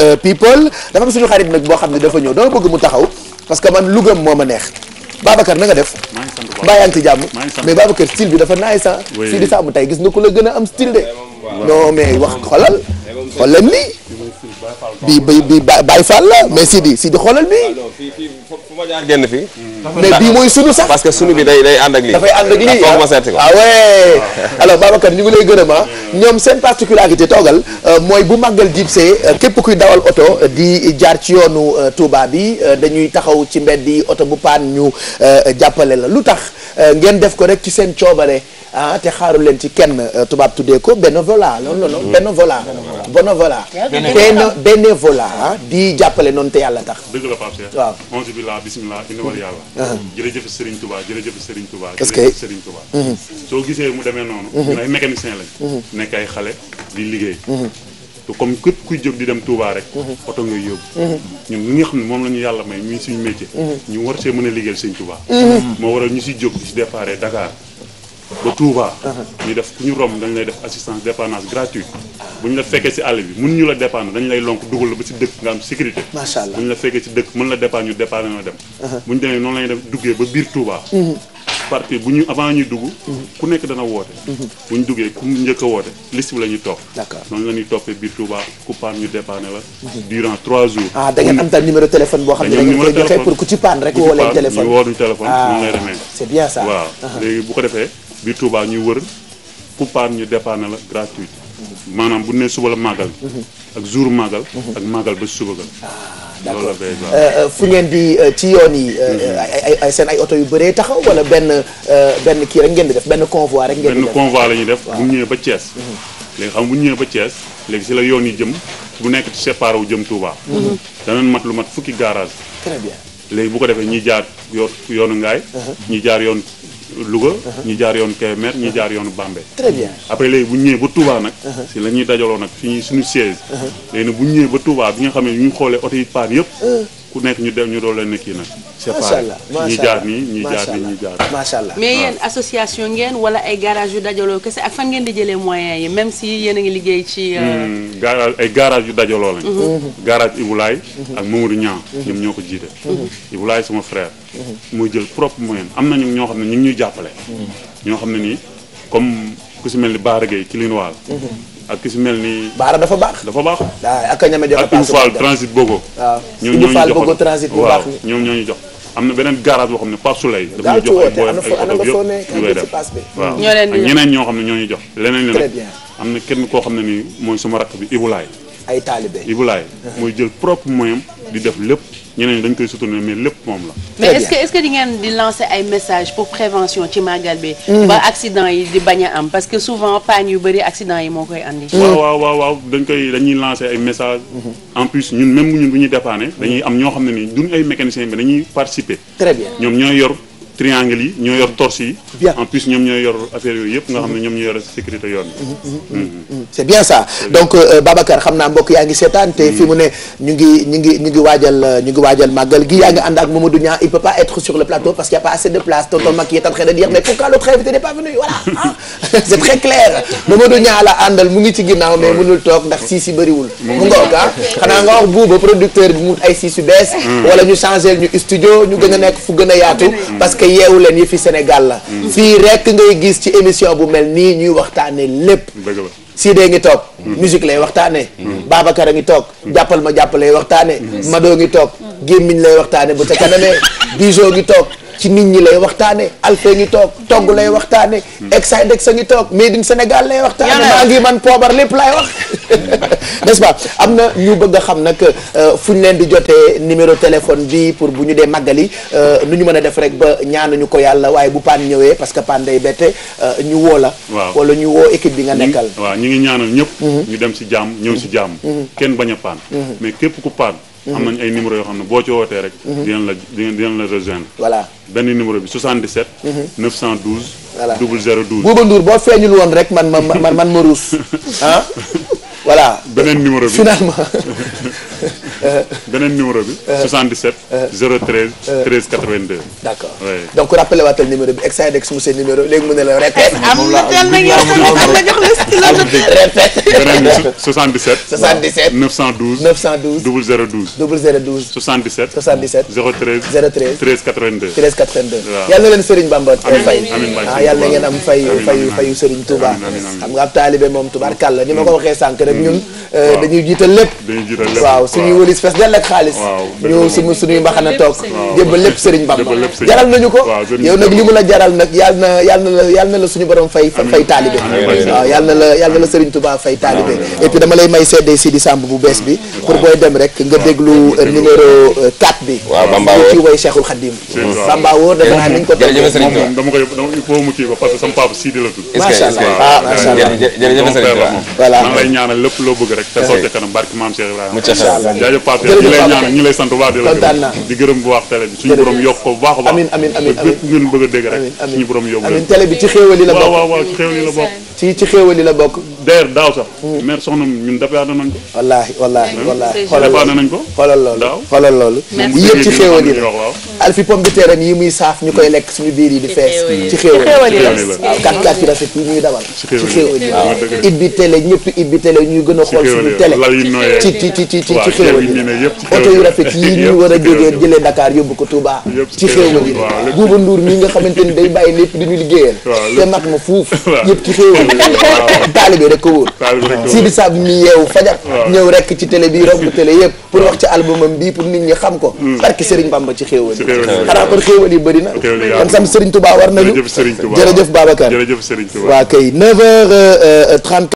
Euh, people dafa am suñu xarit nag boo xam ne dafa ñëw dama bëgg mu taxaw parce que man lugam moo ma neex Babacar na nga def mbaa yaa ngi ci jàmm mais Babacar style bi dafa naay ah. sax si di sàmm tey gis nga ku la gën a am style de non mais wax xoolal xoolal lii bi bi bi Baye Fall la mais si di si di xoolal bi ma jaar génn mais bii mooy sunu sax. parce que sunu bi day day ànd ak lii. dafay ànd ak lii ah. ma seeti ko. ah ouais alors Babacar ñu ngi lay gërëm ah. ñoom seen particularité toogal euh, mooy bu màggal jibsee euh, képp kuy dawal oto euh, di jaar ci yoonu Touba bi dañuy taxaw ci mbedd yi oto bu paan ñu jàppale la lu tax ngeen def ko rek ci seen coobare. ah te xaaru leen ci kenn euh, tubaab tuddee ko bénévolat loolu loolu hmm. bénévolat bénévolat bénévolat ah, di jàppale noonu te yàlla tax dëgg la Pape Cheikh waaw onze bi la bismillah indi yàlla uh-huh. jërëjëf Serigne Touba jërëjëf Serigne Touba jërëjëf Serigne Touba mm-hmm. soo gisee mu demee noonu mm-hmm. ñun ay mécanicien lañ mm-hmm. nekk ay xale di liggéey te comme képp kuy jóg di dem Touba rek oto ngay yóbbu ñun nga xam ne moom la ñu yàlla may ñuy suñu métier ñu war see mën a liggéeyal Serigne Touba moo waral ñu si jóg si déparé Dakar ba Touba. ñu def ku ñu romb dañ lay def assistance dépannage gratuite bu ñu la fekkee si àll bi mun ñu la dépanner dañ lay lonk dugal la ba ci dëkk nga am sécurité. macha allah bu ñu la fekkee si dëkk mën la dépanner ñu dépanner na dem. Uh-huh. bu ñu demee noonu la ñuy def duggee ba biir Touba. Uh-huh. parti bu ñu avant ñuy dugg uh-huh. ku nekk dana woote bu ñu duggee ku njëkk a woote liste bi la ñuy topp noonu la ñuy toppee biir Touba ku paan ñu dépanne la durant trois jours ah am tam numéro téléphone boo xam ne da ngeen koy joxe ah, bu ko defee biir Touba ñuy wër Poupar ñu dépanne la gratuite maanaam bu ne suba la màggal ak jour màggal ak màggal ba suba ga ah, loolu la euh, euh, fu ngeen di euh, ci yoon yi mhm. ay seen ay oto yu bëree taxaw wala benn benn kii rek ngeen di def benn convoi rek ngeen def la ñuy def bu ñu ñëwee ba Thiès mhm. léegi xam bu ñu ñëwee ba Thiès léegi si la yoon yi jëm bu nekk ci séparé wu jëm Touba mhm. danañ mat lu mat fukki garage très bien léegi bu ko defee ñi jaar yoon yoonu Ngaay ñi jaar yoon Louga ñu jaar yoon Kébémer ñu jaar yoonu Bambey très bien après léegi bu ñu ñëwee ba Touba nag uh-huh. si la ñuy dajaloo nag fi ñuy suñu siège uh-huh. léegi bu ñu ñëwee ba Touba bi nga xam ñu xoolee oto yi paan yëpp uh-huh. ku nekk ñu dem ñu doon leen ne kii nag. macha allah mais yéen association ngeen wala ay garage yu dajaloo kese ak fan ngeen di jëlee moyens yi même si yéen a ngi liggéey ci. Euh, hmm, garage ay garage yu dajaloo lañ. Mhm. Mhm. garage Ibulaay. Mhm. ak Mamadou Niang. ñoom ñoo ko jiite. Ibulaay sama frère. muy jël propre moyen am na ñoo xam ne ñu ñuy jàppale. ñoo xam ne nii comme ku si mel ni Baara Gueye ci Linoir. ak ki si mel ni. baara dafa baax. dafa baax waaw a ñame joxe. ak Fall transit bogo. waaw ñoom ñoo ñu jox transit bu baax ni ñoom ñoo jox. am na beneen garage boo xam ne Pape Souley. dafa ñu jox ay ak ñeneen ñoo xam ne ñoo ñu jox. leneen la am na kenn koo xam ne nii mooy sama rakk bi Ibulaay. ay taalibe Ibulaay. Uh-huh. mooy jël propre moyen di def lépp. ñeneen dañ koy soutenir mais lépp moom la. mais est est di ngeen di lancer ay message pour prévention ci màggal bi. Hmm. ba accident yi di bañ a am parce que souvent panne yu bëri accident yi moo koy andi. Hmm. waaw waaw waaw dañ koy dañuy lancer ay message hmm. en plus ñun même ñun bu ñuy dépanner dañuy am ñoo xam ne ni duñ ay mécaniciens bi dañuy participer. très bien ñoom ñooy yor. triangle yi ñoo yor torse yi. en plus ñoom ñoo yor affaire yooyu yëpp nga xam ne mm-hmm. ñoom ñoo yor sécurité yoon mm-hmm. Mm-hmm. c'est bien ça donc euh, Babacar xam naa mbokk yaa ngi seetaan te fi mu ne ñu ngi euh, ñu ngi waajal màggal gi yaa ngi ànd ak Mamadou Niang il peut pas être sur le plateau parce qu'il y a pas assez de place tonton Macky est en train de dire mais pourquoi l'autre invité n'est pas venu voilà ah c'est mu ngi ci ginnaaw mais mënul toog ndax siis ah. yi mm. a a ay yeewu leen yi fi Sénégal la mm. fii rekk ngay gis ci émission bu mel nii ñuy waxtaane lépp Sidé ngi toog mm. musique lay waxtaane mm. Babacar a ngi toog jàppal ma jàpp lay waxtaane Mado ngi toog gémmiñ lay waxtaane bu ca kanamee Bijou ngi toog ci nit ñi lay waxtaane alfe ngi toog togg lay waxtaane excidex a ngi toog made in Sénégal lay waxtaane maa ngi man poobar lépp lay wax n'est-ce am na ñu bëgg a xam nag euh, fu ñu leen di jotee numéro téléphone bi pour bu ñu dee màggali euh, nu ñu mën a def rek ba ñu ko yàlla waaye bu paan ñëwee parce que paan day bette euh, ñu woo la. waaw wala ñu woo équipe bi nga nekkal. waaw ñu ngi ñaanal ñëpp. Mhm. ñu dem si jàmm ñëw si jàmm. Mhm. Mhm. kenn bañ a paan. mais képp ku paan. am nañ ay numéro yoo xam ne boo ci wootee rek. dinañ la dinañ la rejoindre. voilà benn numéro bi 77. 912. voilà 0012. Bouba Ndour boo feeñul voilà beneen numéro bi finalement beneen numéro bi. 77. 013 13 82. d' accord donc rappelé waatal numéro bi excité rek suñu seen numéro léegi mu ne la répète. am na teel nag yow tamit am na jox la stylo répète. beneen bi 77. 77 912. 912 0012. 0012. 77. 77 013. 013 13 82. 13 82 waaw yal na leen Serigne Bamba fay. amiin ah yal na ngeen am fay fayu fayu Serigne Touba. xam nga ab taalibe moom Toubarkalla ni ma ko mm. waxee sànq rek mm. ñun. Euh, dañuy jiital lépp. dañuy jiital lépp waaw suñuy police fes dell ak xaalis ñëw suñu suñuy mbaxana toog jébbal lépp sëriñ Bamba jaral nañu ko yow nag li mu la jaral nag yal na yal na la yal na la suñu borom fay fay taalibe waaw yal na la yal na la sëriñ Touba fay taalibe et dama lay may seddee Sidi Samb bu bees bi pour booy dem rek nga déglu euh, numéro 4 euh, bi ci way Cheikhul Khadim Bamba wóor dama naa nañ ko dama koy il faut mu kii Sidi la tudd ah, macha allah jërëjëf Pape ñu lay ñaanal ñu lay sant baax di la gërëm di gërëm bu baax télé bi suñu borom yokk ko bu baax a baax amiin amiin amiin bépp ngeen a bi ci xéewal la bokk waaw waaw waaw ci la bokk ci ci xéewal la bokk d'ailleurs daaw sax. Hmm. maire soxna ñun dépassé hmm? nañ ko. xoolal loolu nañ ko. xoolal loolu xoolal loolu. yëpp ci xéewal yi la alfi pomme de terre yi muy saaf ñu koy lekk suñu biir yi di fees. ci xéewal yi la ci xéewal yi la waaw kat kat ci rafet yi ñuy dabal. ci xéewal yi waaw it bi télé ñëpp it bi télé ñuy gën a xool suñu télé. ci ci ci ci ci xéewal yi la oto yu rafet yi ñu war a jógee jëlee Dakar yóbbu ko Touba. ci xéewal yi la Bouba Ndour mi nga xamante ni day bàyyi lépp di ñu liggéeyal te mag ma fuuf yëpp ci xéewal yi la rek ko wóor Sidi Sab mi yeewu fajar ñëw rek ci télé bi romb télé yëpp pour wax ci album am bii pour nit ñi xam ko hmm. barki Serigne Bamba ci xéewal yi xanaa kon xéewal yi bëri na sam Serigne Touba war nañu jërëjëf Babacar jërëjëf Serigne Touba